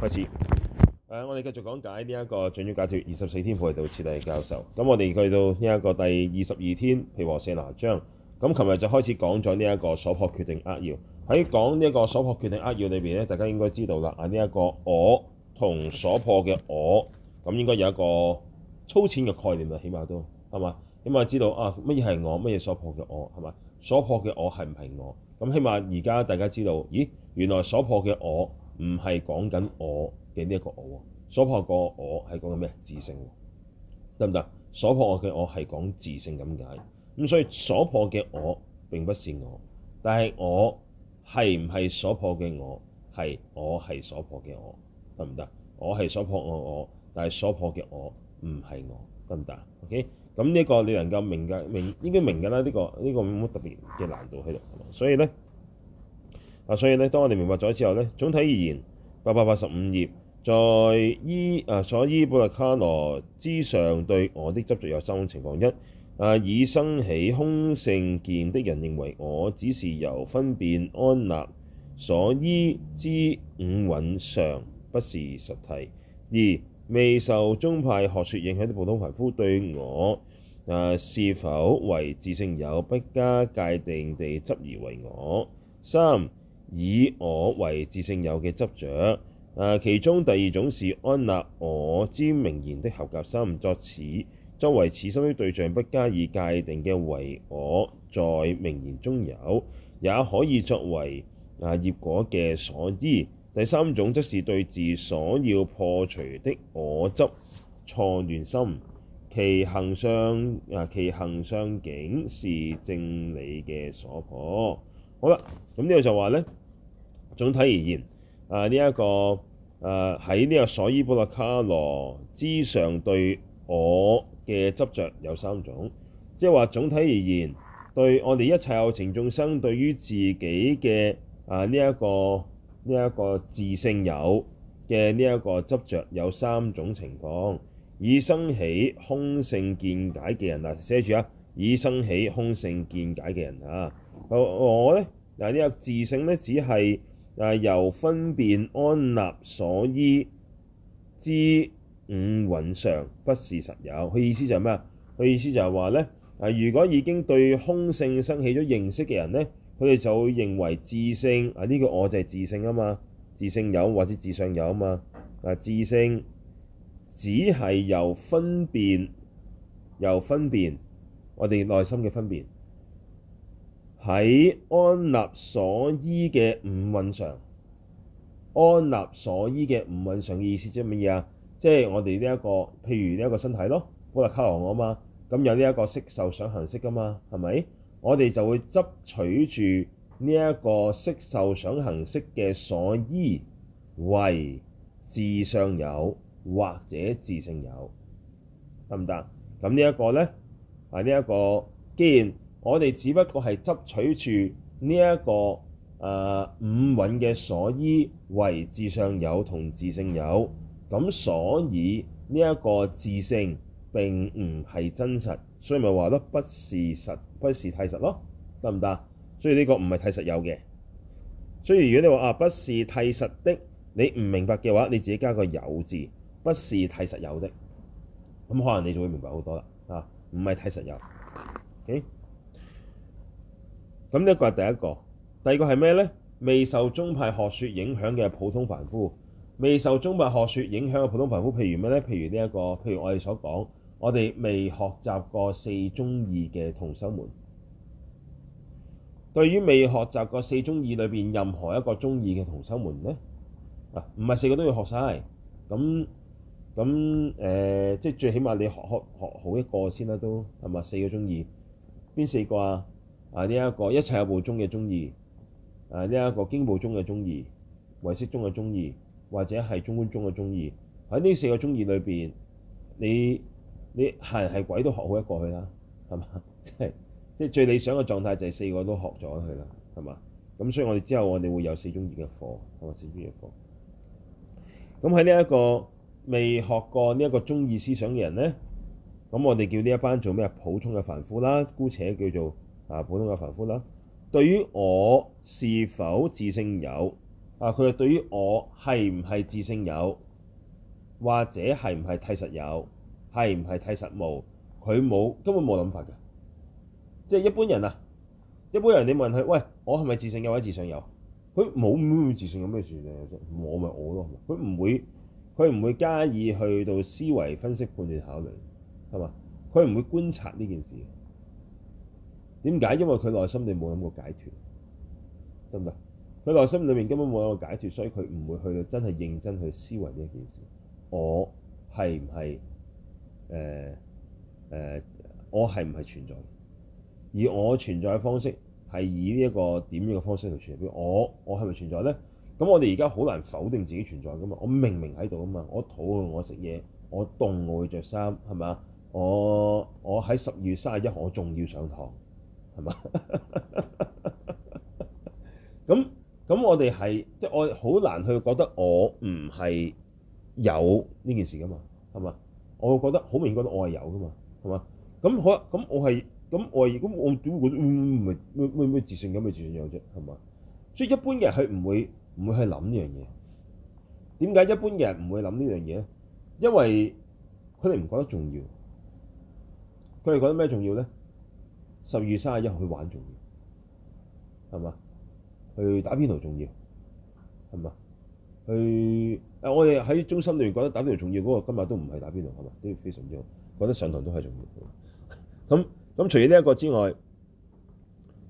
開始，誒、呃，我哋繼續講解呢一個掌中解脫二十四天菩提道次第嘅教授。咁我哋去到呢一個第二十二天，譬如和細拿章。咁琴日就開始講咗呢一個所破決定扼要。喺講呢一個所破決定扼要裏邊咧，大家應該知道啦。啊，呢一個我同所破嘅我，咁應該有一個粗淺嘅概念啦，起碼都係嘛？起碼知道啊，乜嘢係我，乜嘢所破嘅我係嘛？所破嘅我係唔係我？咁起碼而家大家知道，咦，原來所破嘅我。唔係講緊我嘅呢一個我、啊，所破個我係講緊咩？自性，得唔得？所破我嘅我係講自性咁解，咁、嗯、所以所破嘅我並不是我，但係我係唔係所破嘅我？係我係所破嘅我，得唔得？我係所破我我，但係所破嘅我唔係我，得唔得？OK，咁呢一個你能夠明嘅明應該明㗎啦，呢、呢個呢、呢個冇乜特別嘅難度喺度，所以咧。嗱、啊，所以咧，當我哋明白咗之後呢總體而言，八百八十五頁，在依啊所依補特伽羅之上，對我的執著有三種情況：一啊，已生起空性見的人認為我只是由分別安立所依之五蘊上，不是實體；二，未受宗派學説影響的普通凡夫對我啊是否為自性有不加界定地執以為我；三。以我為自性有嘅執着，啊，其中第二種是安立我之名言的合格心作此，作為此心的對象不加以界定嘅唯我在名言中有，也可以作為啊業果嘅所依。第三種則是對治所要破除的我執錯亂心，其行相啊其行相境是正理嘅所破。好啦，咁呢度就話咧。總體而言，啊呢一、這個，啊喺呢個所依補特伽羅之上對我嘅執着有三種，即係話總體而言，對我哋一切有情眾生對於自己嘅啊呢一、這個呢一、啊這個自性有嘅呢一個執着有三種情況。已生起空性見解嘅人嗱，寫住啊，已生起空性見解嘅人啊，我咧嗱呢、啊這個自性咧只係。啊！由分別安立所依之五蘊常不是實有，佢意，意思就係咩啊？佢意思就係話咧，啊！如果已經對空性生起咗認識嘅人咧，佢哋就會認為自性啊，呢、這個我就係自性啊嘛，自性有或者自相有啊嘛，啊！自性只係由分別，由分別我哋內心嘅分別。喺安立所依嘅五蘊上，安立所依嘅五蘊上嘅意思即係乜嘢啊？即係我哋呢一個，譬如呢一個身體咯，補特伽羅我啊嘛，咁有呢一個色受想行識噶嘛，係咪？我哋就會執取住呢一個色受想行識嘅所依為自上有或者自性有，得唔得？咁呢一個咧係呢一個，既我哋只不過係執取住呢、這、一個誒、呃、五蘊嘅所依，為自上有同自性有，咁所以呢一個自性並唔係真實，所以咪話得「不是實，不是諦實咯，得唔得？所以呢個唔係諦實有嘅。所以如果你話啊，不是諦實的，你唔明白嘅話，你自己加個有字，不是諦實有的，咁可能你就會明白好多啦。啊，唔係諦實有，okay？咁呢一個係第一個，第二個係咩呢？未受宗派學説影響嘅普通凡夫，未受宗派學説影響嘅普通凡夫，譬如咩呢？譬如呢、這、一個，譬如我哋所講，我哋未學習過四宗義嘅同修們，對於未學習過四宗義裏邊任何一個宗義嘅同修們呢，嗱，唔係四個都要學晒。咁咁誒，即係最起碼你學學學好一個先啦、啊，都係咪？四個宗義，邊四個啊？啊！呢一個一切有部中嘅宗義，啊，呢一個經部中嘅宗義，唯識中嘅宗義，或者係中觀中嘅宗義。喺呢四個宗義裏邊，你你係係鬼都學好一個去啦，係嘛？即係即係最理想嘅狀態就係四個都學咗佢啦，係嘛？咁所以我哋之後我哋會有四宗義嘅課，係咪四宗義嘅課？咁喺呢一個未學過呢一個宗義思想嘅人咧，咁我哋叫呢一班做咩普通嘅凡夫啦，姑且叫做。啊，普通嘅凡夫啦。啊啊、對於我是否自性有啊，佢話對於我係唔係自性有，或者係唔係諦實有，係唔係諦實無，佢冇根本冇諗法嘅。即係一般人啊，一般人你問佢喂，我係咪自性有或者自性有，佢冇咁自性有咩事？我咪我咯，佢唔會佢唔會加以去到思維分析判斷考慮，係嘛？佢唔會觀察呢件事。點解？因為佢內心你冇諗過解脫，得唔得？佢內心裏面根本冇諗過解脫，所以佢唔會去到真係認真去思維呢一件事。我係唔係誒誒？我係唔係存在？而我存在嘅方式係以呢一個點樣嘅方式去存在？我我係咪存在咧？咁我哋而家好難否定自己存在噶嘛？我明明喺度吖嘛？我肚我食嘢，我凍我會着衫，係咪？我我喺十二月三十一號我仲要上堂。係嘛？咁咁我哋係即係我好難去覺得我唔係有呢件事噶嘛？係嘛？我會覺得好明顯覺得我係有噶嘛？係嘛？咁好啦，咁我係咁我咁我點會唔唔唔唔唔唔自信咁去自信有啫？係嘛？所以一般嘅人佢唔會唔會去諗呢樣嘢。點解一般嘅人唔會諗呢樣嘢咧？因為佢哋唔覺得重要。佢哋覺得咩重要咧？十二月三十一號去玩重要，係嘛？去打邊爐重要，係嘛？去誒，我哋喺中心覺得打邊爐重要嗰個，今日都唔係打邊爐，係嘛？都要非常之好，覺得上堂都係重要。咁咁，除咗呢一個之外，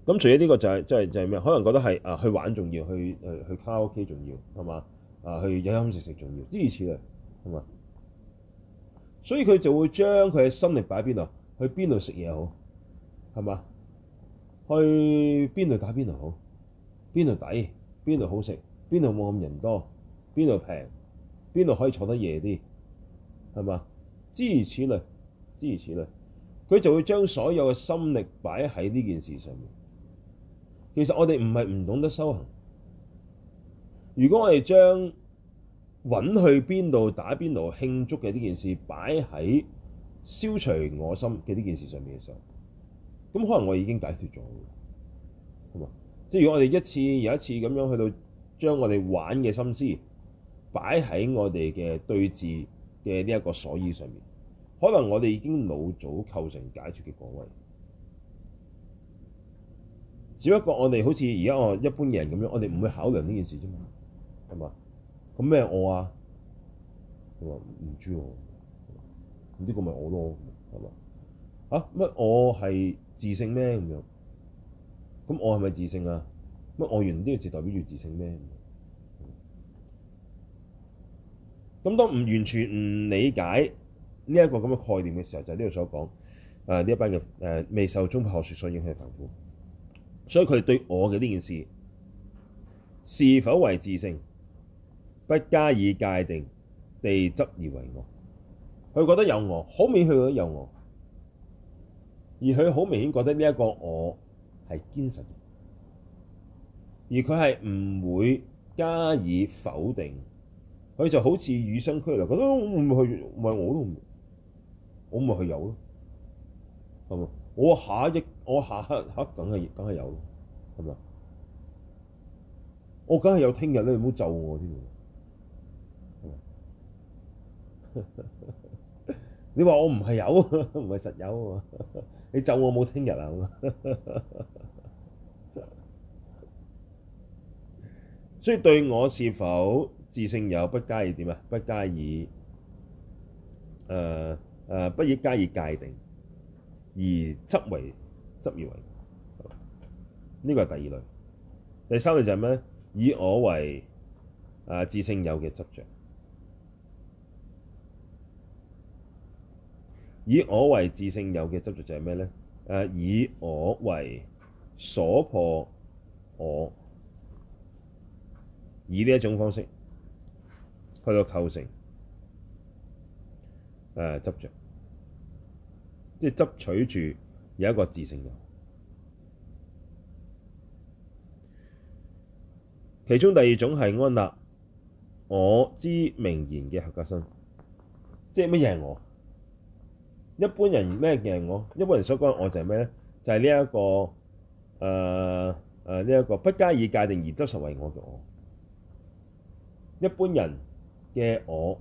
咁除咗呢個就係即係就係、係、咩、就係？可能覺得係啊，去玩重要，去誒去卡拉 OK 重要，係嘛？啊，去飲飲食食重要，諸如此類，係嘛？所以佢就會將佢嘅心力擺喺邊度？去邊度食嘢好？係嘛？去邊度打邊爐好？邊度抵？邊度好食？邊度冇咁人多？邊度平？邊度可以坐得夜啲？係嘛？諸如此類，諸如此類，佢就會將所有嘅心力擺喺呢件事上面。其實我哋唔係唔懂得修行。如果我哋將搵去邊度打邊爐慶祝嘅呢件事擺喺消除我心嘅呢件事上面嘅時候，咁可能我已經解脫咗，係嘛？即係如果我哋一次又一次咁樣去到將我哋玩嘅心思擺喺我哋嘅對峙嘅呢一個所依上面，可能我哋已經老早構成解脫嘅果位，只不過我哋好似而家我一般嘅人咁樣，我哋唔會考量呢件事啫嘛，係嘛？咁咩我啊？佢話唔知我，咁呢個咪我咯，係嘛？嚇乜？啊、我係自性咩咁樣？咁我係咪自性啊？乜我原呢個字代表住自性咩？咁、嗯、當唔完全唔理解呢一個咁嘅概念嘅時候，就係呢度所講誒呢一班嘅誒未受宗派學説所影響嘅凡夫，所以佢哋對我嘅呢件事是否為自性，不加以界定地執以為我，佢覺得有我，好明顯噉覺得有我。而佢好明顯覺得呢一個我係堅實嘅，而佢係唔會加以否定。佢就好似與生俱來，覺得我唔係去，唔係我都唔，我咪去有咯，係嘛？我下一日，我下黑黑，梗係梗係有，係嘛？我梗係有聽日咧，唔好咒我添。 你話我唔係有，唔 係實有啊嘛？你咒我冇聽日啊！ 所以對我是否自性有不加以點啊？不加以誒誒，不以加以界定而執為執以為，呢個係第二類。第三類就係咩？以我為誒、呃、自性有嘅執着。以我為自性有嘅執着就係咩咧？誒、啊，以我為所破我，以呢一種方式去到構成誒、啊、執着，即係執取住有一個自性有。其中第二種係安立我之名言嘅合格心，即係乜嘢係我？一般人咩嘅我？一般人所講嘅我就係咩咧？就係呢一個誒誒呢一個不加以界定而執實為我嘅我。一般人嘅我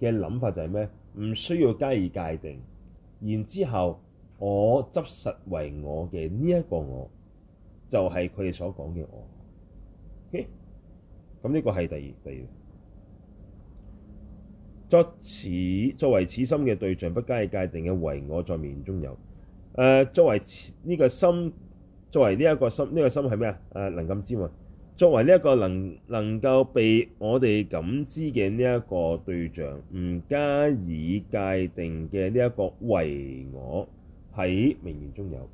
嘅諗法就係咩？唔需要加以界定，然之後我執實為我嘅呢一個我，就係佢哋所講嘅我。咁、okay? 呢、嗯這個係第二第二。第二作此作為此心嘅對象，不加以界定嘅唯我，在名言中有。誒、呃，作為呢、這個心，作為呢一個心，呢、這個心係咩啊？誒、呃，能感知嘛？作為呢一個能能夠被我哋感知嘅呢一個對象，唔加以界定嘅呢一個唯我喺名言中有。呢、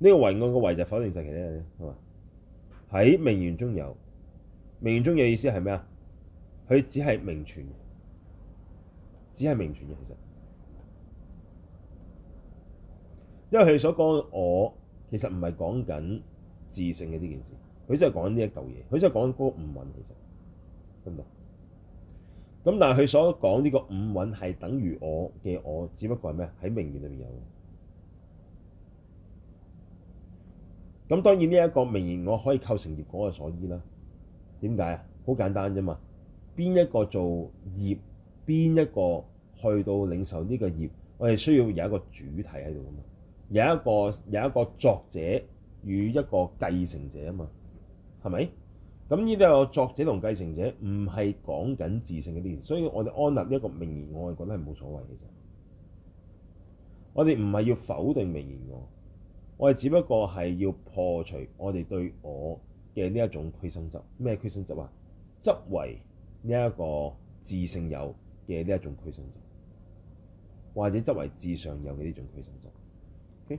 這個唯我嘅唯就否定曬其他人，係嘛？喺名言中有，名言中有意思係咩啊？佢只係名傳，只係名傳嘅其實，因為佢所講我其實唔係講緊自性嘅呢件事，佢真係講緊呢一嚿嘢，佢真係講緊嗰個五蘊其實，明唔明？咁但係佢所講呢個五蘊係等於我嘅我，只不過係咩？喺名言裏邊有。咁當然呢一個名言我可以構成業果嘅所依啦，點解啊？好簡單啫嘛。邊一個做業，邊一個去到領受呢個業，我哋需要有一個主體喺度啊嘛，有一個有一個作者與一個繼承者啊嘛，係咪？咁呢個作者同繼承者唔係講緊自性嘅啲嘢，所以我哋安立一個名言我，我係覺得係冇所謂嘅。其實我哋唔係要否定名言我，我我哋只不過係要破除我哋對我嘅呢一種俱生執，咩俱生執啊？執為。呢一，這個自性有嘅呢一種俱生性，或者執為自上有嘅呢種俱生者。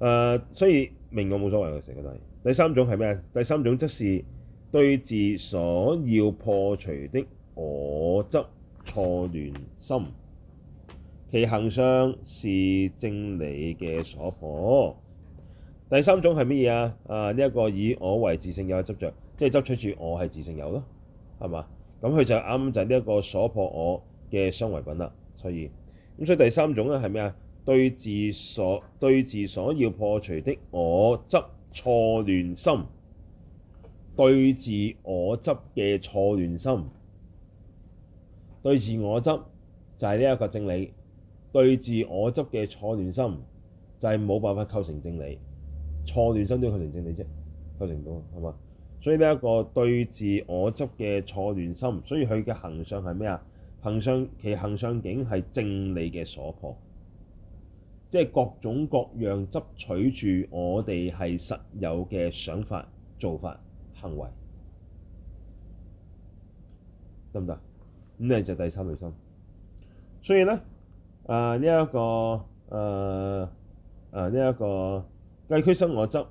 誒、okay? uh,，所以明我冇所謂嘅，成個都係第三種係咩？第三種則是對治所要破除的我執錯亂心，其行相是正理嘅所破。第三種係乜嘢啊？啊，呢、這、一個以我為自性有嘅執着。即係執取住我係自性有咯，係嘛？咁佢就啱啱就呢一個所破我嘅相違品啦。所以咁，所以第三種咧係咩啊？對治所對治所要破除的我執錯亂心，對治我執嘅錯亂心，對自我執就係呢一個正理。對治我執嘅錯亂心就係、是、冇辦法構成正理，錯亂心點構成正理啫？構成到係嘛？所以呢一個對治我執嘅錯亂心，所以佢嘅行相係咩啊？行相其行相境係正理嘅所破，即係各種各樣執取住我哋係實有嘅想法、做法、行為，得唔得？咁呢就第三類心。所以咧，誒呢一個誒誒呢一個嘅俱生我執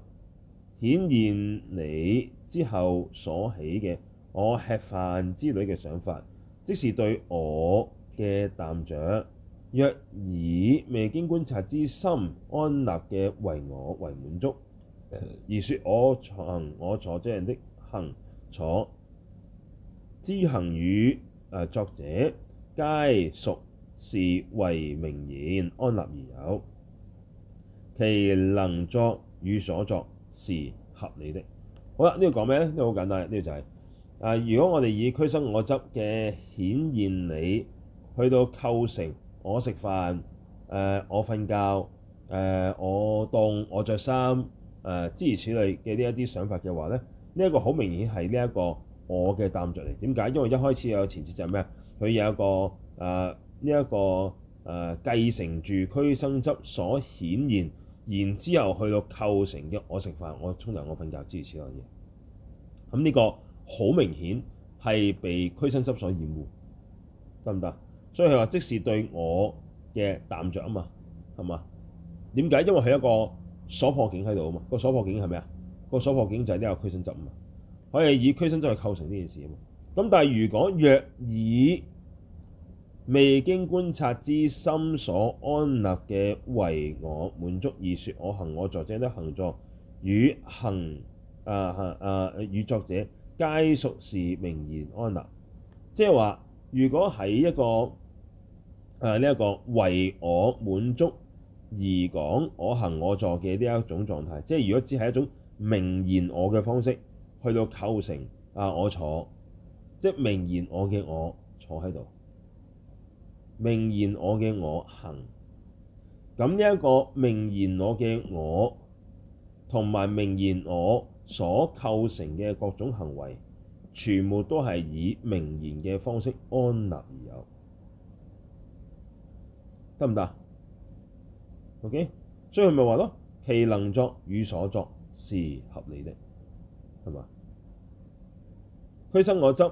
顯現理，之後所起嘅我吃飯之類嘅想法，即是對我嘅執著，若以未經觀察之心安立嘅為我為滿足，而説我行，我坐這樣的行坐之行與、呃、作者皆屬是為名言安立而有，其能作與所作是合理的。好啦，呢個講咩咧？呢個好簡單，呢個就係、是、誒、呃，如果我哋以俱生我執嘅顯現理去到構成我食飯、誒、呃、我瞓覺、誒、呃、我凍我着衫、誒諸如此類嘅呢一啲想法嘅話咧，呢、這、一個好明顯係呢一個我嘅執著嚟。點解？因為一開始有前節就係咩啊？佢有一個誒呢一個誒、呃、繼承住俱生執所顯現。然之後去到構成嘅，我食飯、我沖涼、我瞓覺之類似嗰嘢，咁、這、呢個好明顯係被俱生執所掩護，得唔得？所以佢話即使對我嘅耽著啊嘛，係嘛？點解？因為佢一個所破境喺度啊嘛，個所破境係咩？啊？個所破境就係呢個俱生執啊嘛，可以以俱生執去構成呢件事啊嘛。咁但係如果若以未經觀察之心所安立嘅為我滿足而説我行我坐者的行坐與行啊，啊與作者皆屬是名言安立。即係話，如果喺一個啊呢一個為我滿足而講我行我坐嘅呢一種狀態，即係如果只係一種名言我嘅方式去到構成啊我坐，即係名言我嘅我坐喺度。名言我嘅我行，咁呢一個名言我嘅我，同埋名言我所構成嘅各種行為，全部都係以名言嘅方式安立而有，得唔得？OK，所以佢咪話咯，其能作與所作是合理的，係嘛？俱生我執，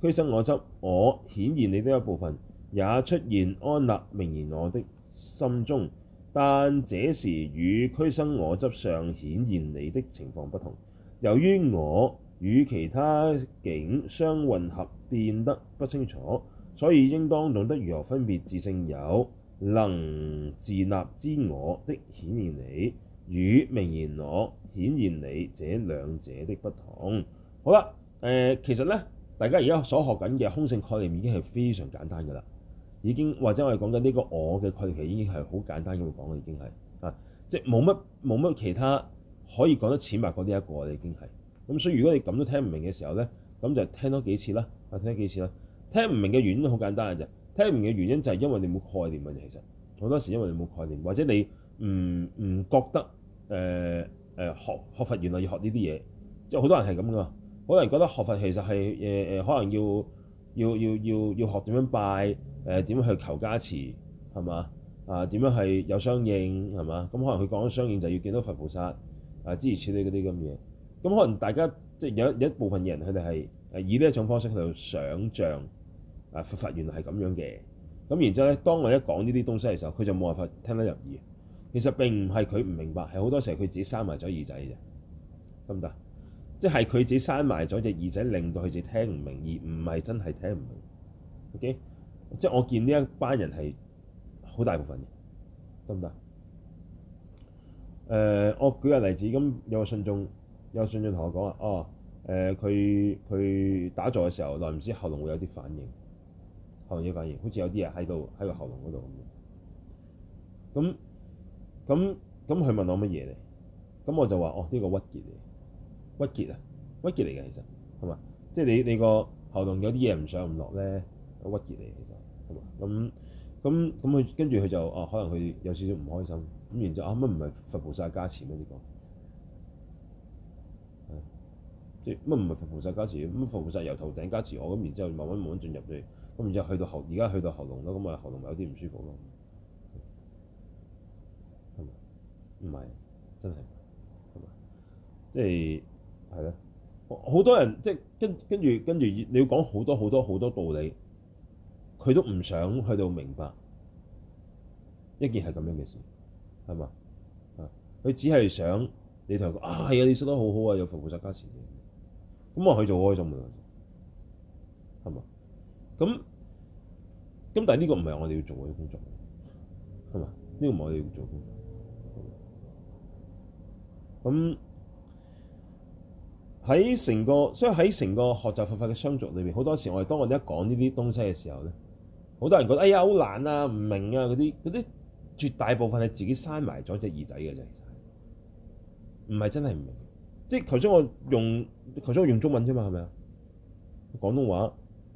俱生我執，我顯現理都有一部分。也出現安立名言我的心中，但這時與俱生我執上顯現理的情況不同。由於我與其他境相混合變得不清楚，所以應當懂得如何分別自性有能自立之我的顯現理與名言我顯現理這兩者的不同。好啦，誒、呃，其實呢，大家而家所學緊嘅空性概念已經係非常簡單㗎啦。已經或者我哋講緊呢個我嘅概念，其實已經係好簡單，咁講已經係啊，即係冇乜冇乜其他可以講得淺白過呢、這、一個，你已經係。咁所以如果你咁都聽唔明嘅時候咧，咁就聽多幾次啦，啊聽多幾次啦，聽唔明嘅原因好簡單嘅啫，聽唔明嘅原因就係因為你冇概念嘅其實，好多時因為你冇概念，或者你唔唔覺得誒誒、呃呃、學學佛原來要學呢啲嘢，即係好多人係咁噶，好多人覺得學佛其實係誒誒可能要。要要要要學點樣拜，誒、呃、點樣去求加持，係嘛？啊、呃、點樣係有相應，係嘛？咁、嗯、可能佢講咗相應就要見到佛菩薩啊，諸、呃、如此類嗰啲咁嘢。咁、嗯、可能大家即係有有一,一部分嘅人佢哋係誒以呢一種方式去想象啊、呃，佛佛、呃、原來係咁樣嘅。咁、嗯、然之後咧，當我一講呢啲東西嘅時候，佢就冇辦法聽得入耳。其實並唔係佢唔明白，係好多時候佢自己閂埋咗耳仔嘅，得唔得？即係佢自己閂埋咗隻耳仔，令到佢自己聽唔明，而唔係真係聽唔明。O、okay? K，即係我見呢一班人係好大部分嘅，得唔得？誒、呃，我舉個例子，咁有個信眾，有個信眾同我講話，哦，誒、呃，佢佢打坐嘅時候，耐唔時喉嚨會有啲反應，喉嚨有反應，好似有啲嘢喺度喺個喉嚨嗰度咁。咁咁咁，佢問我乜嘢嚟？咁我就話，哦，呢、這個屈結嚟。屈結啊，屈結嚟嘅其實，係嘛？即係你你個喉嚨有啲嘢唔上唔落咧，屈結嚟嘅其實，係嘛？咁咁咁佢跟住佢就啊，可能佢有少少唔開心，咁然之後啊，乜唔係佛菩薩加持咩呢個？係，即係乜唔係佛菩薩加持？咁佛菩薩由頭頂加持我，咁然之後慢慢慢慢進入嚟，咁然之後去到喉而家去到喉嚨咯，咁啊喉嚨咪有啲唔舒服咯，係咪？唔係，真係，係嘛？即係。係咯，好多人即係跟跟住跟住，你要講好多好多好多道理，佢都唔想去到明白一件係咁樣嘅事，係嘛？啊，佢只係想你同佢講啊，係啊，你講得好好啊，有服務質加錢嘅，咁我去做好開心嘅，係嘛？咁咁但係呢個唔係我哋要做嘅工作，係嘛？呢、呢個唔係我哋要做嘅工作，咁。喺成個，所以喺成個學習佛法嘅相續裏面，好多時我哋當我哋一講呢啲東西嘅時候咧，好多人覺得哎呀好懶啊，唔明啊，嗰啲啲絕大部分係自己閂埋咗隻耳仔嘅啫，其實係唔係真係唔明？即係頭先我用頭先我用中文啫嘛，係咪啊？廣東話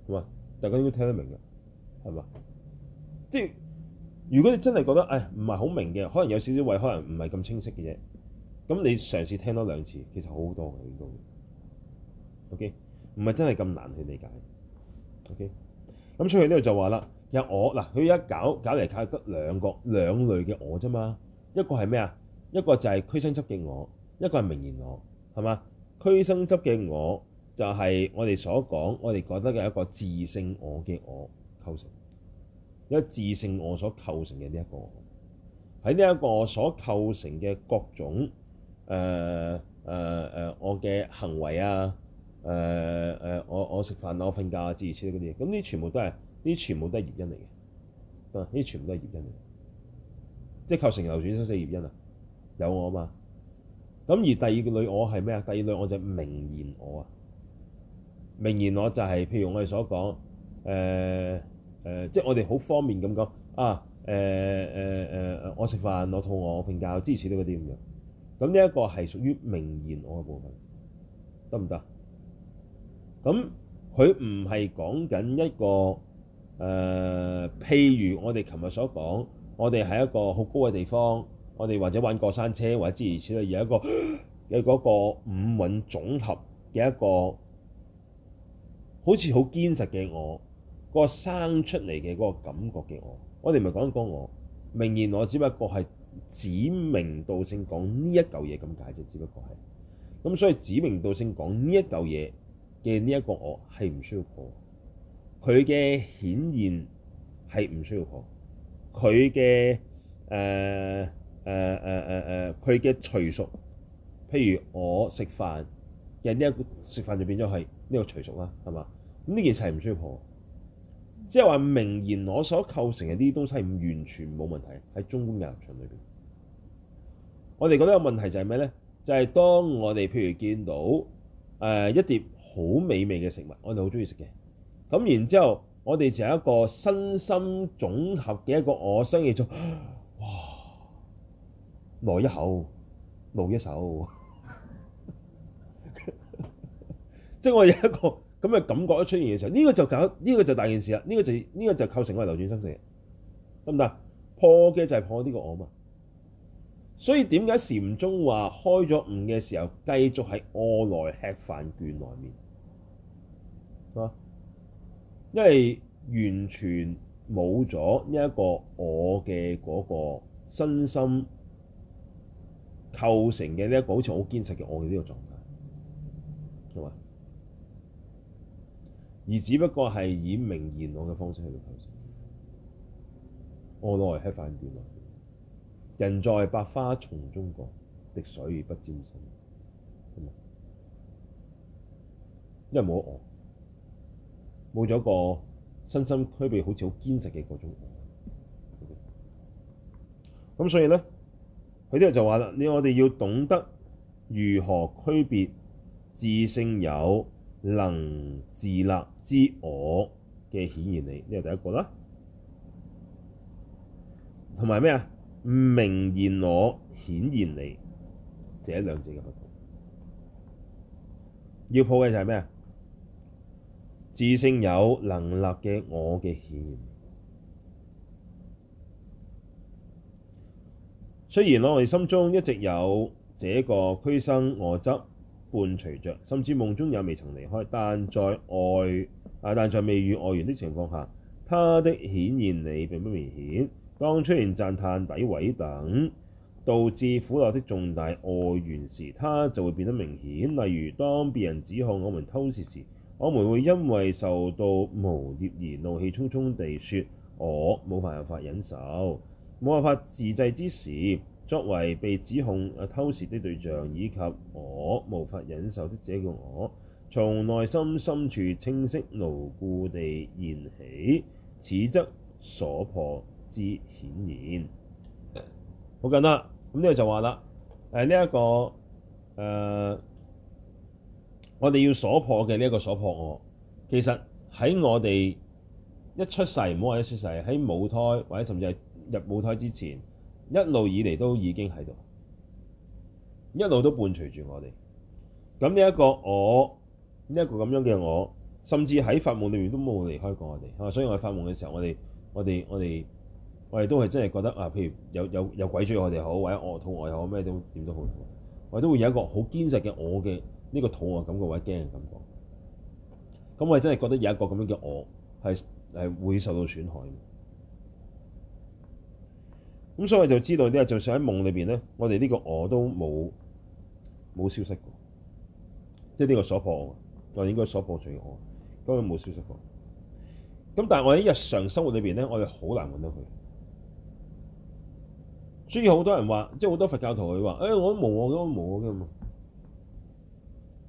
係嘛？大家應該聽得明嘅係嘛？即係如果你真係覺得誒唔係好明嘅，可能有少少位可能唔係咁清晰嘅啫，咁你嘗試聽多兩次，其實好多嘅呢個。應 O.K. 唔係真係咁難去理解。O.K. 咁出去呢度就話啦，有我嗱，佢一搞搞嚟，搞去得兩個兩類嘅我啫嘛。一個係咩啊？一個就係俱生執嘅我，一個係名言我，係嘛？俱生執嘅我就係我哋所講，我哋覺得嘅一個自性我嘅我構成，一個自性我所構成嘅呢一個喺呢一個我所構成嘅各種誒誒誒我嘅行為啊～誒誒、uh, uh,，我我食飯，我瞓覺，諸如此類啲嘢，咁呢全部都係呢，全部都係業因嚟嘅。啊，呢全部都係業因嚟，即係構成流轉生死業因啊。有我啊嘛。咁而第二類，我係咩啊？第二類我就名言我啊，名言我就係、是、譬如我哋所講誒誒，即係我哋好方便咁講啊誒誒誒，我食飯，我肚餓，我瞓覺，諸如此類啲咁樣。咁呢一個係屬於名言我嘅部分，得唔得？咁佢唔係講緊一個誒、呃，譬如我哋琴日所講，我哋喺一個好高嘅地方，我哋或者玩過山車，或者諸如此類，有一個嘅嗰五蘊總合嘅一個，好似好堅實嘅我，個生出嚟嘅嗰個感覺嘅我。我哋唔係講講我，明言我只不過係指名道姓講呢一嚿嘢咁解啫，只不過係咁，所以指名道姓講呢一嚿嘢。嘅呢一個我係唔需要破，佢嘅顯現係唔需要破，佢嘅誒誒誒誒誒，佢、呃、嘅、呃呃呃呃呃、隨俗，譬如我食飯，嘅呢一個食飯就變咗係呢個隨俗啦，係嘛？咁呢件事係唔需要破，即係話名言我所構成嘅呢啲東西係完全冇問題，喺中觀嘅立場裏邊，我哋覺得個問題就係咩咧？就係、是、當我哋譬如見到誒、呃、一碟。好美味嘅食物，我哋好中意食嘅。咁然之後，我哋就係一個身心總合嘅一個我生嘅時候，哇！來一口，露一手，即 係 我有一個咁嘅感覺一出現嘅時候，呢、這個就搞呢、這個就大件事啦。呢、這個就呢、這個就構成我流轉生死嘅，得唔得？破嘅就係破呢個我嘛。所以點解禪宗話開咗悟嘅時候，繼續喺餓來吃飯，倦來眠。因為完全冇咗呢一個我嘅嗰個身心構成嘅呢一個好似好堅實嘅我嘅呢個狀態，係咪？而只不過係以名言我嘅方式喺度構成。我耐喺飯店啊，人在百花叢中過，滴水不沾身，係咪？因為冇我。冇咗個身心區別，好似好堅實嘅嗰種。咁、嗯、所以咧，佢呢人就話啦：你我哋要懂得如何區別自性有能自立之我嘅顯現理，呢個第一個啦。同埋咩啊？名言我顯現理，就兩者嘅不同。要破嘅就係咩啊？自性有能自立嘅我嘅顯現，雖然我哋心中一直有這個俱生我執伴隨着，甚至夢中也未曾離開，但在外啊，但在未遇外緣的情況下，它的顯現理並不明顯。當出現讚歎、詆毀等導致苦樂的重大外緣時，它就會變得明顯。例如，當別人指控我們偷竊時。我們會因為受到污蔑而怒氣沖沖地說：我冇辦法,法忍受，冇辦法自制之時，作為被指控偷竊的對象，以及我無法忍受的這個我，從內心深處清晰牢固地現起，此則所破之顯現。好緊啦，咁呢個就話啦，呢、呃、一、這個誒。呃我哋要所破嘅呢一個所破我，其實喺我哋一出世，唔好話一出世，喺母胎或者甚至係入母胎之前，一路以嚟都已經喺度，一路都伴隨住我哋。咁呢一個我，呢、這、一個咁樣嘅我，甚至喺發夢裏面都冇離開過我哋。啊，所以我發夢嘅時候，我哋我哋我哋我哋都係真係覺得啊，譬如有有有鬼追我哋好，或者我肚餓又好，咩都點都好，我哋都會有一個好堅實嘅我嘅。呢個肚餓感覺或者驚嘅感覺，咁我真係覺得有一個咁樣嘅我係係會受到損害嘅。咁所以我就知道呢啊，就算喺夢裏邊咧，我哋呢個我都冇冇消失過，即係呢個所破，啊，我應該所破除嘅我，根本冇消失過。咁但係我喺日常生活裏邊咧，我哋好難揾到佢。所以好多人話，即係好多佛教徒佢話：誒、哎，我都冇，我都冇，咁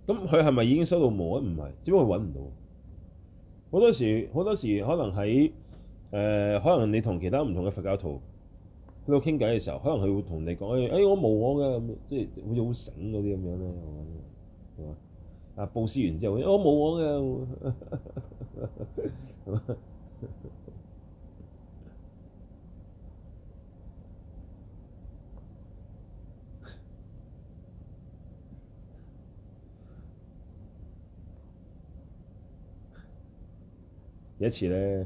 咁佢係咪已經收到無啊？唔係，只不過揾唔到。好多時，好多時可能喺誒，可能你同其他唔同嘅佛教徒喺度傾偈嘅時候，可能佢、呃、會同你講：誒、哎、誒，我冇我嘅，即係好似好醒嗰啲咁樣咧。係嘛？啊，佈施完之後，我冇我嘅。 有一次咧，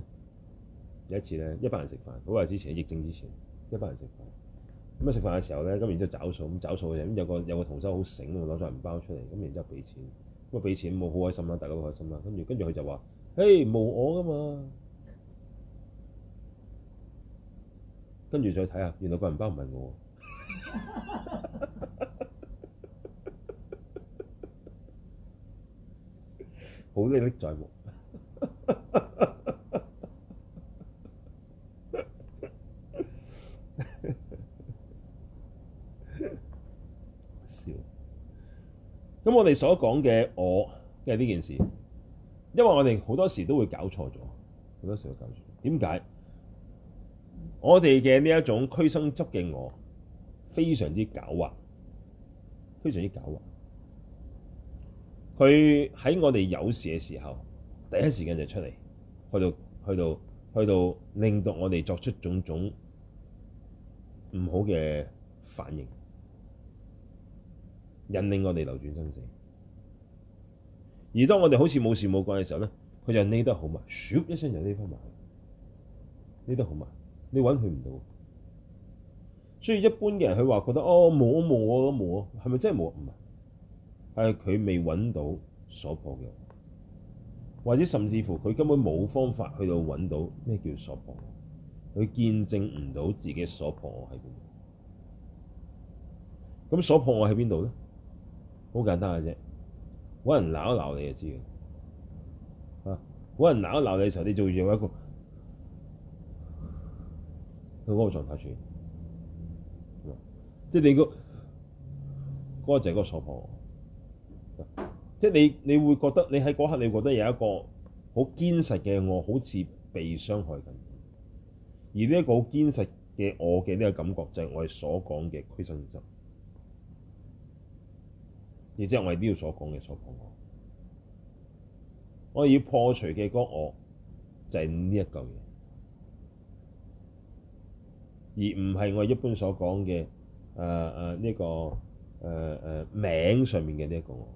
有一次咧，一班人食飯，好耐之前喺疫症之前，一班人食飯。咁啊食飯嘅時候咧，咁然之後找數，咁找數嘅。邊有個有個同桌好醒，攞咗個銀包出嚟，咁然之後俾錢，咁啊俾錢冇好開心啦，大家都開心啦，跟住跟住佢就話：嘿，無我噶嘛，跟住再睇下，原來個銀包唔係我， 好歷歷在目。笑，， 咁我哋所講嘅我嘅呢件事，因為我哋好多時都會搞錯咗，好多時都搞錯。點解？我哋嘅呢一種俱生執嘅我，非常之狡猾，非常之狡猾。佢喺我哋有事嘅時候，第一時間就出嚟。去到，去到，去到，令到我哋作出種種唔好嘅反應，引領我哋流轉生死。而當我哋好似冇事冇怪嘅時候咧，佢就匿得好密，咻一聲就匿翻埋，匿得好密，你揾佢唔到。所以一般嘅人，佢話覺得哦冇啊冇啊都冇啊，係咪真係冇？唔係，係佢未揾到所破嘅。或者甚至乎佢根本冇方法去到揾到咩叫所破，佢見證唔到自己所破我喺邊度。咁所破我喺邊度咧？好簡單嘅啫，搵人鬧一鬧你就知嘅。啊，搵人鬧一鬧你嘅時候，啊，你做住一個佢個狀態處，即係你、嗰個哥仔、嗰個所破、那個。即係你，你會覺得你喺嗰刻，你，刻你覺得有一個好堅實嘅我，好似被傷害緊。而呢一個好堅實嘅我嘅呢個感覺，就係、是、我哋所講嘅俱生我執，亦即係我哋呢度所講嘅所講我。我要破除嘅嗰我，就係呢一嚿嘢，而唔係我一般所講嘅誒誒呢個誒誒、呃、名上面嘅呢一個我。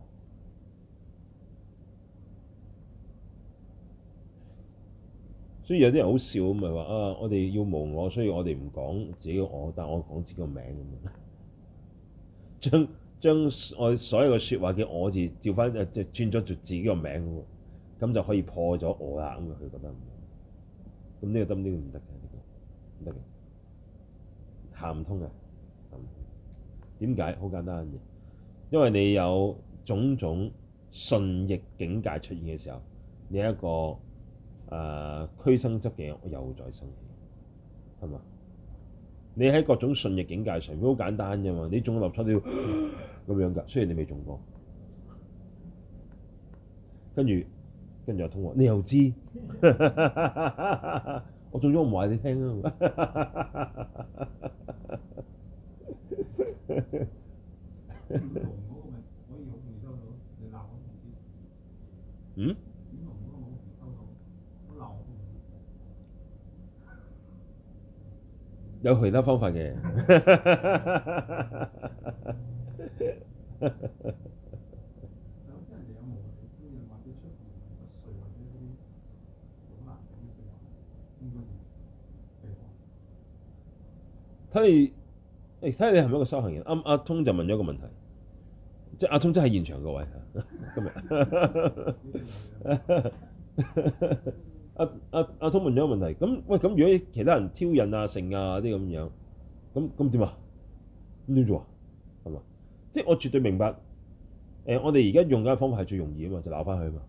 所以有啲人好笑咁，咪、就、話、是、啊，我哋要無我，所以我哋唔講自己個我，但我講自己個名咁樣，將將我所有嘅説話嘅我字，照翻誒、啊、轉咗做自己個名喎，咁就可以破咗我啦。咁佢覺得咁，呢個咁呢、呢個唔得嘅，唔得嘅，行唔通嘅，行唔通。點解？好簡單嘅，因為你有種種順逆境界出現嘅時候，你一個。誒，uh, 俱生執嘅又再生氣，係嘛？你喺各種順逆境界上面好簡單啫嘛，你中立出你咁樣㗎，雖然你未中過，跟住跟住又通話，你又知 我，我中咗我唔話你聽啊。 有其他方法嘅。睇你，誒睇下你係咪一個修行人？阿、啊、阿通就問咗一個問題，即係、啊、阿通真係現場個位，今日。 阿阿阿通問咗個問題，咁喂咁如果其他人挑釁啊、成啊啲咁樣，咁咁點啊？咁點做啊？係咪？即係我絕對明白，誒、呃、我哋而家用緊嘅方法係最容易啊嘛，就鬧翻佢啊嘛。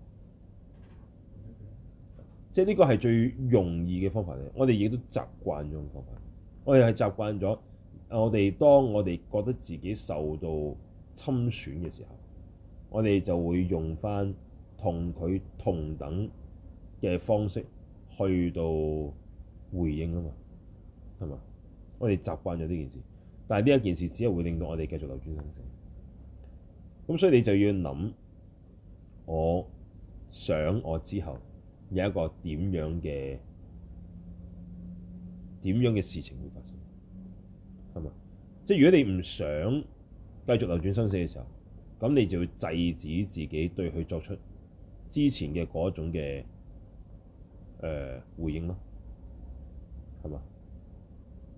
即係呢個係最容易嘅方法嚟，我哋亦都習慣咗種方法。我哋係習慣咗，我哋當我哋覺得自己受到侵損嘅時候，我哋就會用翻同佢同等，嘅方式去到回應啊嘛，係嘛？我哋習慣咗呢件事，但係呢一件事只係會令到我哋繼續流轉生死。咁所以你就要諗，我想我之後有一個點樣嘅點樣嘅事情會發生，係嘛？即係如果你唔想繼續流轉生死嘅時候，咁你就要制止自己對佢作出之前嘅嗰一種嘅。誒、呃、回應咯，係嘛？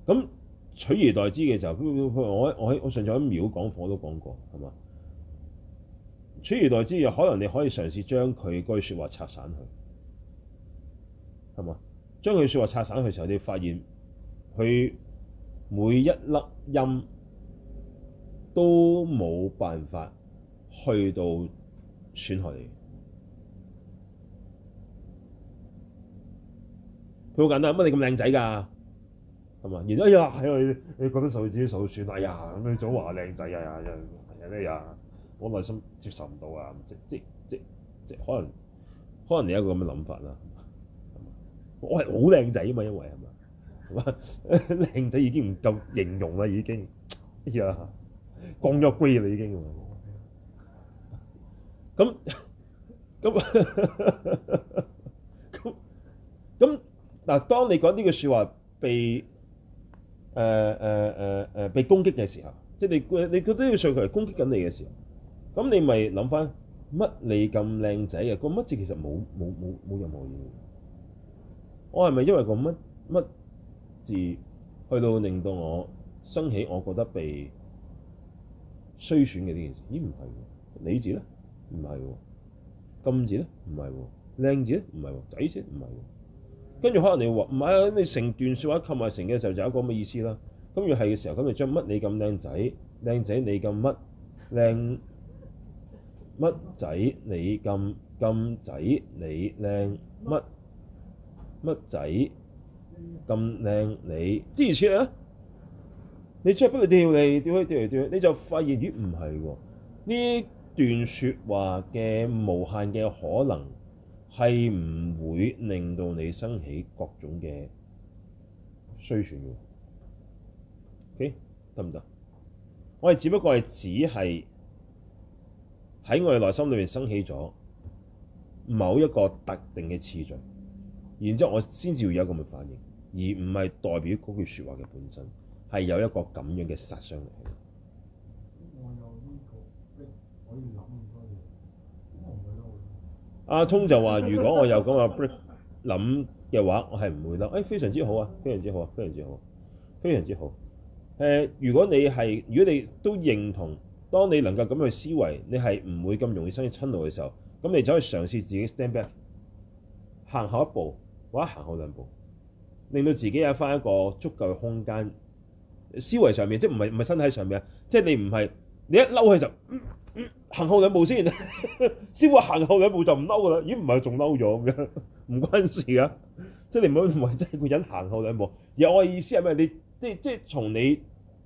咁取而代之嘅就，候，佢我喺我上咗一秒講課都講過，係嘛？取而代之又可能你可以嘗試將佢嗰句説話拆散佢，係嘛？將佢説話拆散佢嘅時候，你發現佢每一粒音都冇辦法去到損害你。做緊啦，乜你咁靚仔㗎？係嘛？完，哎呀，係我你覺得受自己受損，哎呀咁你早話靚仔呀呀呀咩呀？我內心接受唔到啊！即即即即，即可能可能你有一個咁嘅諗法啦。我係好靚仔啊嘛，因為係嘛？靚仔 已經唔夠形容啦，已經哎呀，降咗灰啦已經。咁咁咁咁。 嗱，當你講呢句説話被誒誒誒誒被攻擊嘅時候，即係你你覺得呢句説話係攻擊緊你嘅時候，咁你咪諗翻乜你咁靚仔嘅個乜字，其實冇冇冇冇任何嘢。我係咪因為個乜乜字去到令到我生起我覺得被衰損嘅呢件事？咦唔係嘅，你字咧唔係喎，咁字咧唔係喎，靚字咧唔係喎，仔字咧唔係喎。跟住可能你話唔係啊，你成段説話構埋成嘅時候就有一個咁嘅意思啦。咁若係嘅時候，咁就將乜你咁靚仔，靚仔你咁乜靚乜仔你咁咁仔你靚乜乜仔咁靚你。之前説啊，你出後不如調嚟調去調嚟調去，你就發現咦唔係喎。呢段説話嘅無限嘅可能。係唔會令到你生起各種嘅衰損嘅，OK 得唔得？我哋只不過係只係喺我哋內心裏面生起咗某一個特定嘅次序。然之後我先至會有一個咁嘅反應，而唔係代表嗰句說話嘅本身係有一個咁樣嘅殺傷力。阿通就話：如果我有咁嘅 break 諗嘅話，我係唔會嬲。誒，非常之好啊，非常之好啊，非常之好，非常之好。誒、呃，如果你係，如果你都認同，當你能夠咁去思維，你係唔會咁容易生起嗔怒嘅時候，咁你就可以嘗試自己 stand back，行後一步，或者行後兩步，令到自己有返一個足夠嘅空間思維上面，即係唔係唔係身體上面啊？即係你唔係你一嬲嘅就。行後兩步先，先會行後兩步就唔嬲噶啦。咦？唔 關係仲嬲咗嘅，唔關事㗎。即係你唔好唔係真係個人行後兩步。而我嘅意思係咩？你，你即即係從你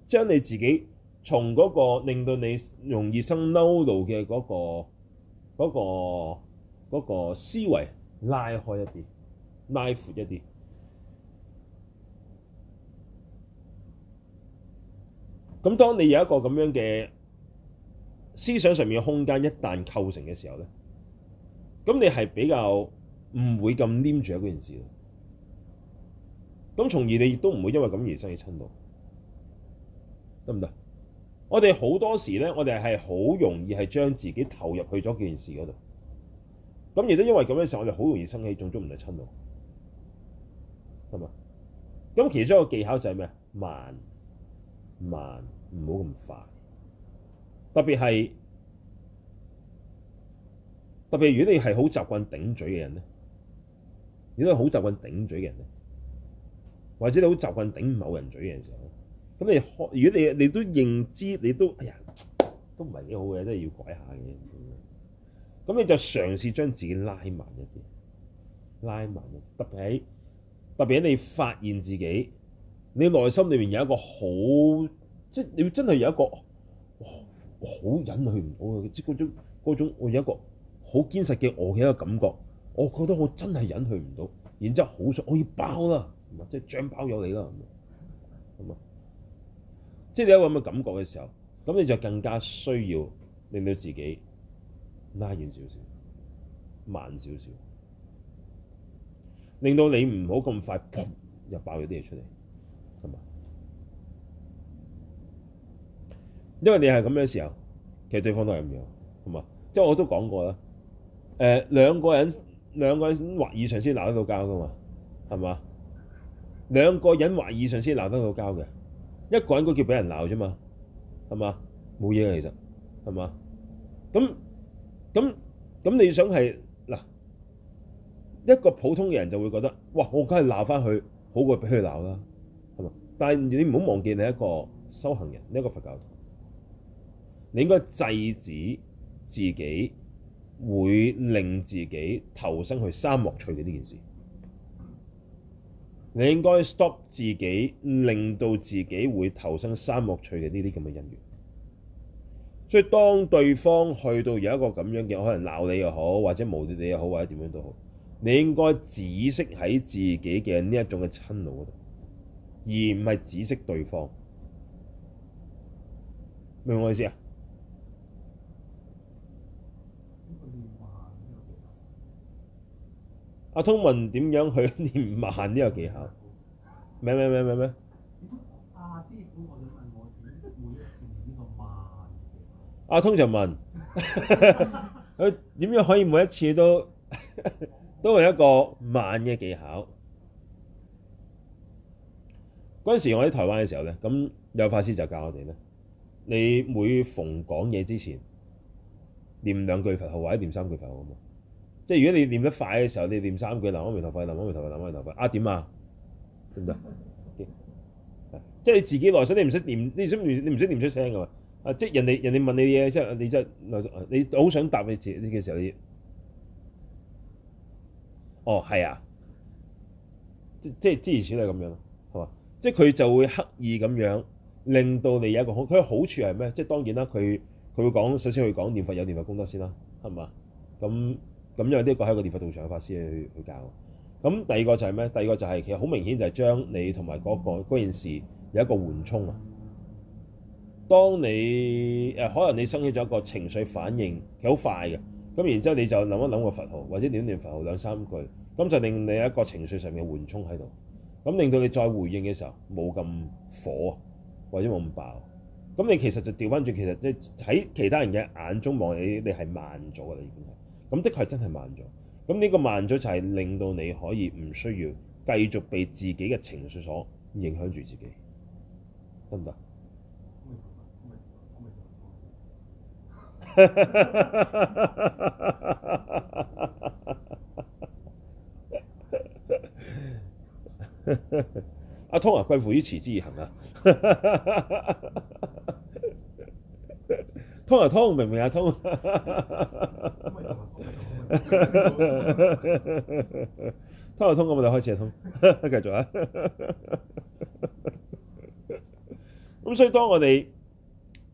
將你自己從嗰個令到你容易生嬲度嘅嗰個嗰、嗰個嗰、嗰個嗰個思維拉開一啲，拉闊一啲。咁當你有一個咁樣嘅。思想上面嘅空間一旦構成嘅時候咧，咁你係比較唔會咁黏住喺嗰件事咯。咁從而你亦都唔會因為咁而生氣親怒，得唔得？我哋好多時咧，我哋係好容易係將自己投入去咗件事嗰度，咁亦都因為咁嘅時候，我哋好容易生氣，最終唔係親怒。係嘛？咁其中一個技巧就係咩啊？慢，慢唔好咁快。特別係特別是是，如果你係好習慣頂嘴嘅人咧，如果你好習慣頂嘴嘅人咧，或者你好習慣頂某人嘴嘅時候，咁你如果你你都認知你都，哎呀，都唔係幾好嘅，真係要改下嘅。咁你就嘗試將自己拉慢一啲，拉慢一啲。特別喺特別喺你發現自己，你內心裏面有一個好，即係你真係有一個。好忍去唔到嘅，即係嗰種嗰種我有一個好堅實嘅我嘅一個感覺，我覺得我真係忍去唔到，然之後好想可以爆啦，即係將包咗你啦，咁啊，即係你有咁嘅感覺嘅時候，咁你就更加需要令到自己拉遠少少，慢少少，令到你唔好咁快，砰，又爆咗啲嘢出嚟。因為你係咁樣時候，其實對方都係咁樣，係嘛？即係我都講過啦。誒、呃，兩個人兩個人或以上先鬧得到交噶嘛？係嘛？兩個人或以上先鬧得到交嘅，一個人都叫俾人鬧啫嘛？係嘛？冇嘢嘅其實係嘛？咁咁咁你想係嗱一個普通人就會覺得，哇！我梗係鬧翻佢好過俾佢鬧啦，係嘛？但係你唔好忘記，你一個修行人，呢一個佛教徒。你應該制止自己，會令自己投生去三惡趣嘅呢件事。你應該 stop 自己，令到自己會投生三惡趣嘅呢啲咁嘅因緣。所以當對方去到有一個咁樣嘅，可能鬧你又好，或者無理你又好，或者點樣都好，你應該只識喺自己嘅呢一種嘅瞋惱嗰度，而唔係只識對方。明唔明我意思啊？阿通問點樣去念慢呢個技巧？咩咩咩咩咩？阿阿師傅，我點問我點都唔會咧，念慢。阿通就問：佢點樣可以每一次都 都係一個慢嘅技巧？嗰陣時我喺台灣嘅時候咧，咁有法師就教我哋咧。你每逢講嘢之前，唸兩句佛號或者唸三句佛號啊嘛。好。即係如果你念得快嘅時候，你念三句，嗱，攞埋頭髮，攞埋頭髮，攞埋頭髮,頭髮啊！點啊？得唔得？ 即係你自己內心，你唔使念，你唔想念，你唔想念出聲㗎嘛？啊！即係人哋人哋問你嘢，即係你就你好想答你自己呢個時候你，你哦係啊，即即係之前先係咁樣，係嘛？即係佢就會刻意咁樣令到你有一個好佢嘅好處係咩？即係當然啦，佢佢會講首先佢講念佛有念佛功德先啦，係嘛？咁。咁因為呢個係一個念佛道場嘅法師去去教。咁第二個就係咩？第二個就係、是、其實好明顯就係將你同埋嗰個嗰件事有一個緩衝啊。當你誒、呃、可能你生起咗一個情緒反應，佢好快嘅。咁然之後你就諗一諗個佛號，或者念念佛號兩三句，咁就令你有一個情緒上面嘅緩衝喺度，咁令到你再回應嘅時候冇咁火，或者冇咁爆。咁你其實就調返轉，其實即係喺其他人嘅眼中望你，你係慢咗㗎啦，已經係。咁的確係真係慢咗，咁呢個慢咗就係令到你可以唔需要繼續被自己嘅情緒所影響住自己，係唔係？阿、 啊、通啊，貴乎於持之以恆啊， 啊！通啊通，明唔明阿通。 通就通話，我哋得開始啊！通，繼續啊！咁 所以當我哋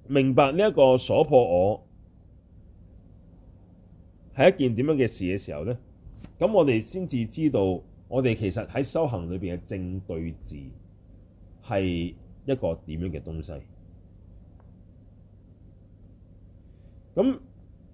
明白呢一個所破我係一件點樣嘅事嘅時候咧，咁我哋先至知道我哋其實喺修行裏邊嘅正對治係一個點樣嘅東西。咁。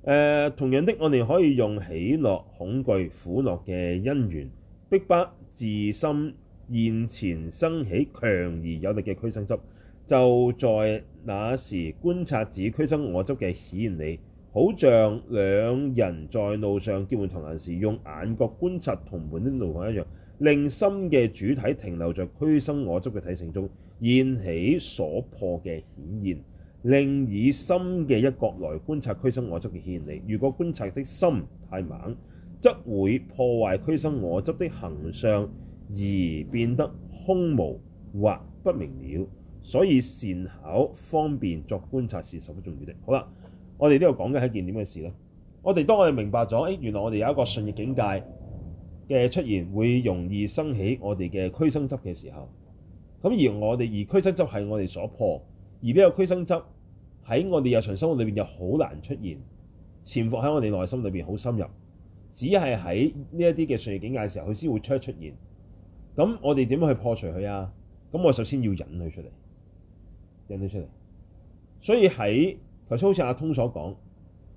呃、同樣的，我哋可以用喜樂、恐懼、苦樂嘅因緣，逼迫自心現前生起強而有力嘅俱生執，就在那時觀察此俱生我執嘅顯現理，你好像兩人在路上結伴同行時，用眼角觀察同伴的路況一樣，令心嘅主體停留在俱生我執嘅體性中，現起所破嘅顯現。另以心嘅一角來觀察俱生我執嘅顯現理，如果觀察的心太猛，則會破壞俱生我執的行相，而變得空無或不明了。所以善巧方便作觀察是十分重要嘅。好啦，我哋呢度講緊係一件點嘅事咧？我哋當我哋明白咗，誒，原來我哋有一個順逆境界嘅出現，會容易生起我哋嘅俱生執嘅時候，咁而我哋而俱生執係我哋所破，而呢個俱生執。喺我哋日常生活裏邊又好難出現，潛伏喺我哋內心裏邊好深入，只係喺呢一啲嘅善意境界嘅時候，佢先會出出現。咁我哋點樣去破除佢啊？咁我首先要引佢出嚟，引佢出嚟。所以喺頭先好似阿通所講，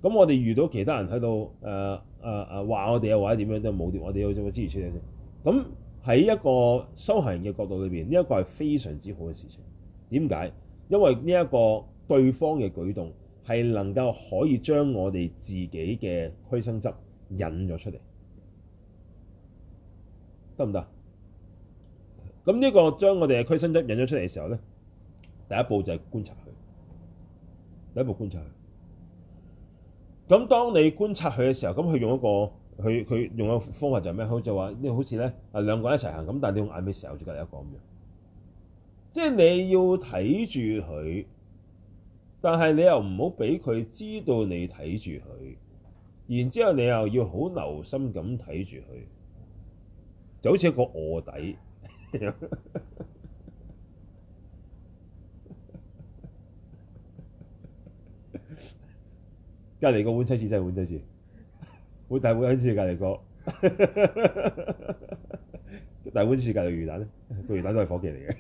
咁我哋遇到其他人喺度誒誒誒話我哋啊，或者樣點樣都冇掂，我哋有冇支持出嚟先？咁喺一個修行人嘅角度裏邊，呢一個係非常之好嘅事情。點解？因為呢一個。對方嘅舉動係能夠可以將我哋自己嘅俱生執引咗出嚟，得唔得？咁呢個將我哋嘅俱生執引咗出嚟嘅時候咧，第一步就係觀察佢。第一步觀察佢。咁當你觀察佢嘅時候，咁佢用一個佢佢用一個方法就係咩？好似話，好似咧啊，兩個人一齊行咁，但係你用眼尾時候，就隔離一個咁樣。即係你要睇住佢。但係你又唔好俾佢知道你睇住佢，然之後你又要好留心咁睇住佢，就好似一個臥底。隔籬個碗仔翅真係碗仔翅，會大碗仔翅。隔籬個， 大碗仔翅隔籬魚蛋咧，魚蛋都係伙記嚟嘅。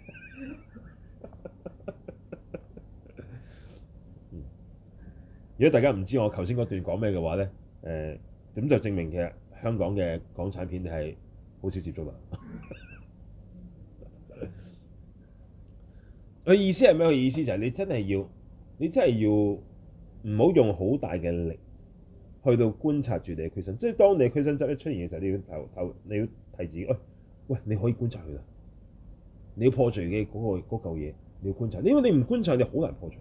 如果大家唔知我頭先嗰段講咩嘅話咧，誒、呃、咁就證明其實香港嘅港產片係好少接觸啦。佢意思係咩？佢意思就係你真係要，你真係要唔好用好大嘅力去到觀察住你嘅俱生，即係當你嘅俱生執一出現嘅時候，你要頭頭你要提示我、哎，喂，你可以觀察佢啦。你要破除嘅嗰、那個嚿嘢、那個，你要觀察，因為你唔觀察，你好難破除。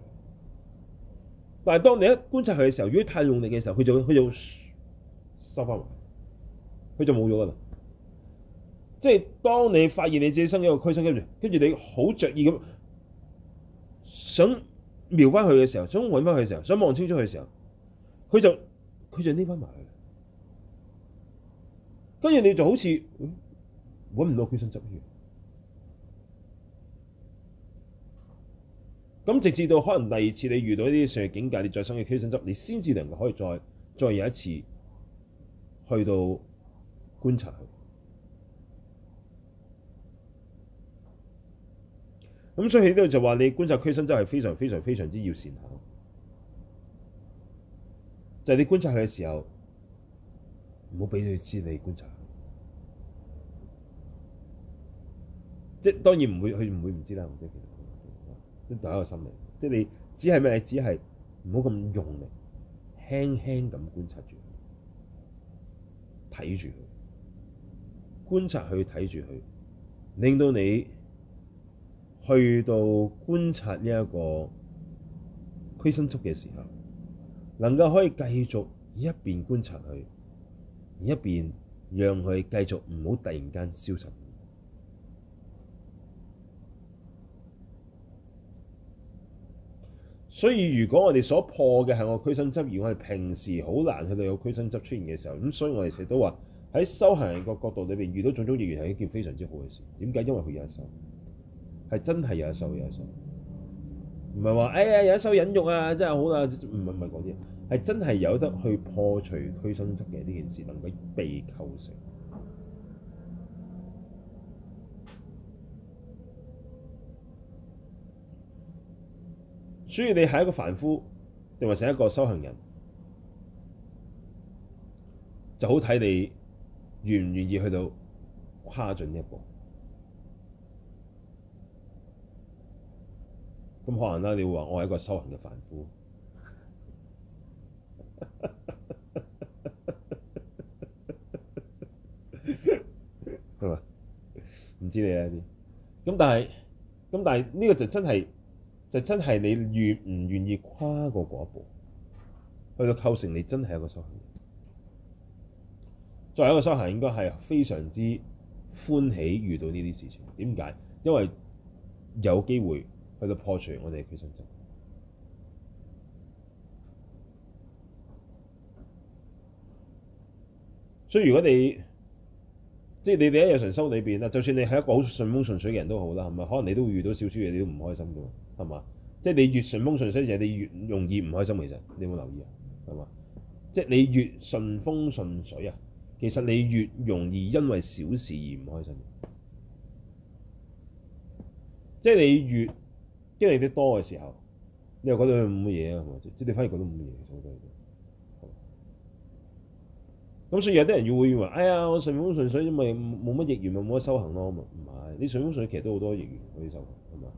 但係當你一觀察佢嘅時候，如果太用力嘅時候，佢就佢就收翻埋，佢就冇咗㗎啦。即係當你發現你自己生一個俱生跟住，跟住你好着意咁想瞄翻佢嘅時候，想揾翻佢嘅時候，想望清楚佢嘅時候，佢就佢就匿翻埋，跟住你就好似揾唔到俱生執。咁直至到可能第二次你遇到呢啲上嘅境界，你再深嘅俱生執，你先至能夠可以再再有一次去到觀察佢。咁所以呢度就話，你觀察俱生執係非常非常非常之要善巧，就係、是、你觀察佢嘅時候，唔好俾佢知你觀察。即當然唔會，佢唔會唔知啦。都第一個心理，即係你只係咩？你只係唔好咁用力，輕輕咁觀察住，睇住佢，觀察去睇住佢，令到你去到觀察呢一個屈伸縮嘅時候，能夠可以繼續一邊觀察佢，一邊讓佢繼續唔好突然間消失。所以如果我哋所破嘅係我嘅俱生我執，而我哋平時好難去到有俱生我執出現嘅時候，咁所以我哋成日都話喺修行人個角度裏邊，遇到種種業緣係一件非常之好嘅事。點解？因為佢有一手，係真係有一手，有一手。唔係話哎呀有一手引用啊，真係好啦、啊。唔係唔係講啲，係真係有得去破除俱生我執嘅呢件事，能夠被構成。所以你係一個凡夫，定還係一個修行人，就好睇你願唔願意去到跨進呢一步。咁可能啦，你會話我係一個修行嘅凡夫，係咪？唔知你咧啲。咁但係，咁但係呢個就真係。就真係你願唔願意跨過嗰一步，去到構成你真係一個修行人。作為一個修行，應該係非常之歡喜遇到呢啲事情。點解？因為有機會去到破除我哋嘅偏信執。所以如果你即係、就是、你哋喺日常修裏邊啊，就算你係一個好順風順水嘅人都好啦，係咪？可能你都會遇到少少嘢，你都唔開心㗎喎。係嘛？即係你越順風順水嘅時候，你越容易唔開心。其實你有冇留意啊？係嘛？即係你越順風順水啊，其實你越容易因為小事而唔開心。即係你越經歷得多嘅時候，你又覺得佢冇乜嘢啊？即係你反而覺得冇乜嘢。咁所以有啲人要會話：哎呀，我順風順水，咪冇乜逆緣，咪冇乜修行咯。唔係，你順風順水其實都好多逆緣可以修行。係嘛？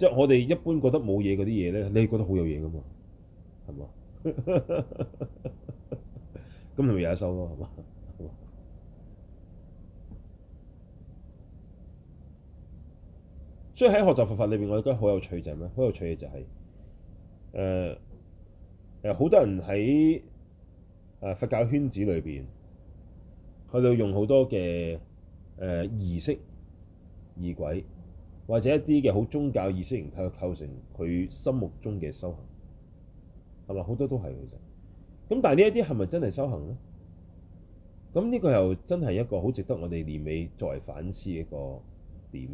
即係我哋一般覺得冇嘢嗰啲嘢咧，你係覺得好有嘢㗎嘛？係嘛？咁係咪有一收咯？係嘛？所以喺學習佛法裏邊，我覺得好有趣就係、是、咩？好有趣嘅就係誒誒，好、呃呃、多人喺誒、呃、佛教圈子裏邊，佢哋用好多嘅誒、呃、儀式、儀軌。或者一啲嘅好宗教意識形態去構成佢心目中嘅修行，係咪好多都係其實咁？但係呢一啲係咪真係修行咧？咁呢個又真係一個好值得我哋年尾再反思嘅一個點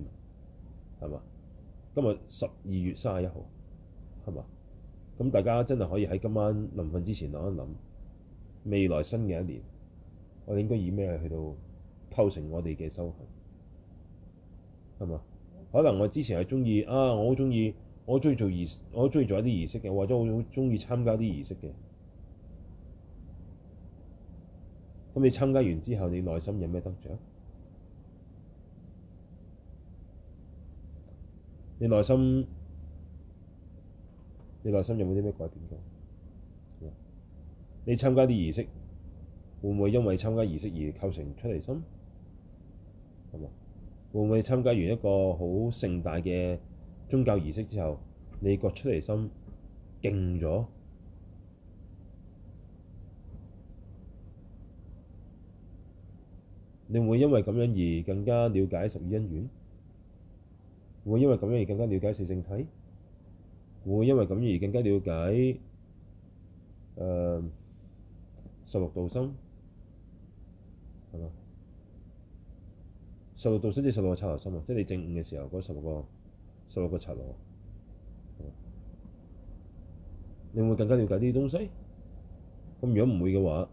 係嘛？今日十二月三十一號係嘛？咁大家真係可以喺今晚臨瞓之前諗一諗未來新嘅一年，我哋應該以咩去到構成我哋嘅修行係嘛？可能我之前係中意啊，我好中意，我中意做儀，我中意做一啲儀式嘅，或者我好中意參加啲儀式嘅。咁你參加完之後，你內心有咩得著？你內心，你內心有冇啲咩改變嘅？你參加啲儀式，會唔會因為參加儀式而構成出離心？咁啊？會唔會參加完一個好盛大嘅宗教儀式之後，你覺出離心勁咗？你會唔會因為咁樣而更加了解十二因緣？會因為咁樣而更加了解四聖諦？會唔會因為咁而更加了解、呃、十六道心？係嘛？十六度先至十六個七頭心啊！即係你正午嘅時候，嗰十六個十六個策羅，你會唔會更加了解呢啲東西？咁如果唔會嘅話，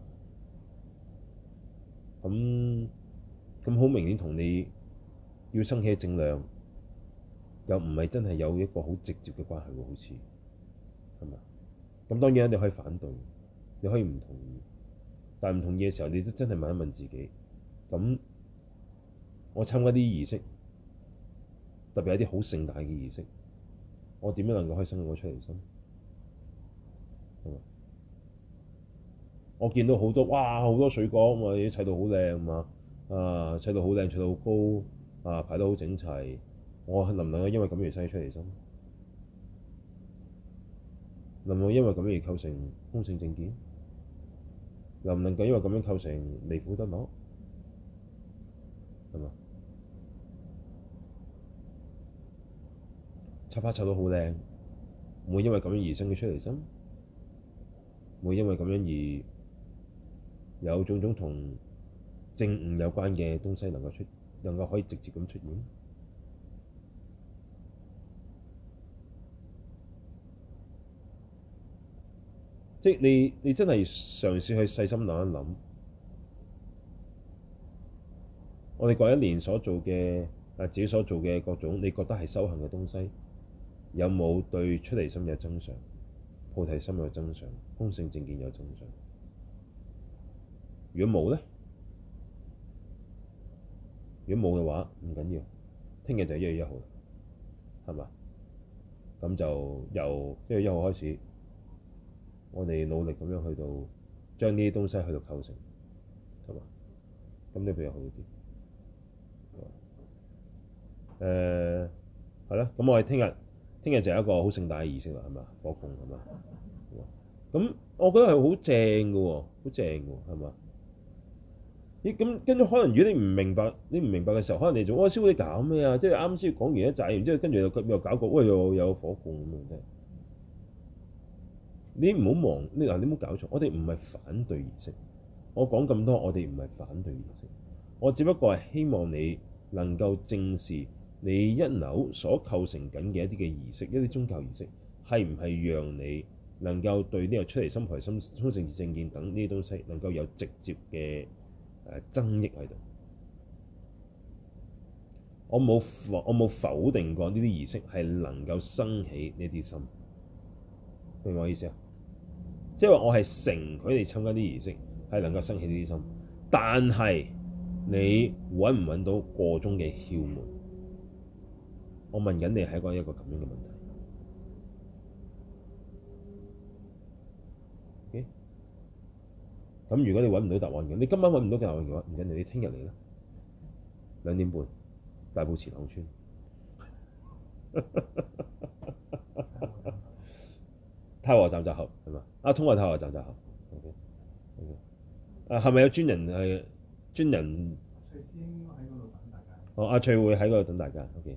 咁咁好明顯同你要生起嘅正量又唔係真係有一個好直接嘅關係喎，好似係嘛？咁當然你可以反對，你可以唔同意，但唔同意嘅時候，你都真係問一問自己咁。我參加啲儀式，特別係啲好盛大嘅儀式，我點樣能夠開心？我出嚟心，我見到好多哇，好多水果嘛，啲砌到好靚嘛，啊砌到好靚，砌到好高，啊排得好整齊，我能唔能夠因為咁而生出離心？能唔能夠因為咁而構成空性正見？能唔能夠因為咁樣構成離苦得樂？係嘛？插花插到好靚，唔會因為咁樣而生嘅出離心，唔會因為咁樣而有種種同正悟有關嘅東西能夠出，能夠可以直接咁出現。即係你你真係嘗試去細心諗一諗，我哋過一年所做嘅啊，自己所做嘅各種，你覺得係修行嘅東西？有冇對出離心有增上，菩提心有增上，空性正見有增上？如果冇咧，如果冇嘅話，唔緊要，聽日就一月一號啦，係嘛？咁就由一月一號開始，我哋努力咁樣去到將呢啲東西去到構成，係嘛？咁都比較好啲。誒、嗯，係啦，咁我哋聽日。聽日就係一個的好盛大嘅儀式啦，係咪？火供，係咪？咁我覺得係好正嘅喎，好正喎，係咪？咦，咁跟住可能如果你唔明白，你唔明白嘅時候，可能你就話：喂，師傅，你搞咩啊？即係啱先講完一陣，然之後跟住又又搞過喂又有火供咁樣啫。你唔好忙，你嗱，你唔好搞錯，我哋唔係反對儀式。我講咁多，我哋唔係反對儀式。我只不過係希望你能夠正視。你一扭所構成緊嘅一啲嘅儀式，一啲宗教儀式，係唔係讓你能夠對呢個出離心、心、排心、衝政治政見等呢啲東西能夠有直接嘅誒增益喺度？我冇我冇否定過呢啲儀式係能夠生起呢啲心，明唔明我意思啊？即係話我係承佢哋參加啲儀式係能夠生起呢啲心，但係你揾唔揾到個中嘅竅門？我問緊你係一個一個咁樣嘅問題。咁、okay? 如果你揾唔到答案嘅，你今晚揾唔到答案嘅話，唔緊要，你聽日嚟啦，兩點半大埔前朗村 太和站集合係嘛？阿通話太和站集合。啊，係咪、okay. okay. 啊、有專人係專人？翠師兄喺度等大家。哦，阿、啊、翠會喺嗰度等大家。OK，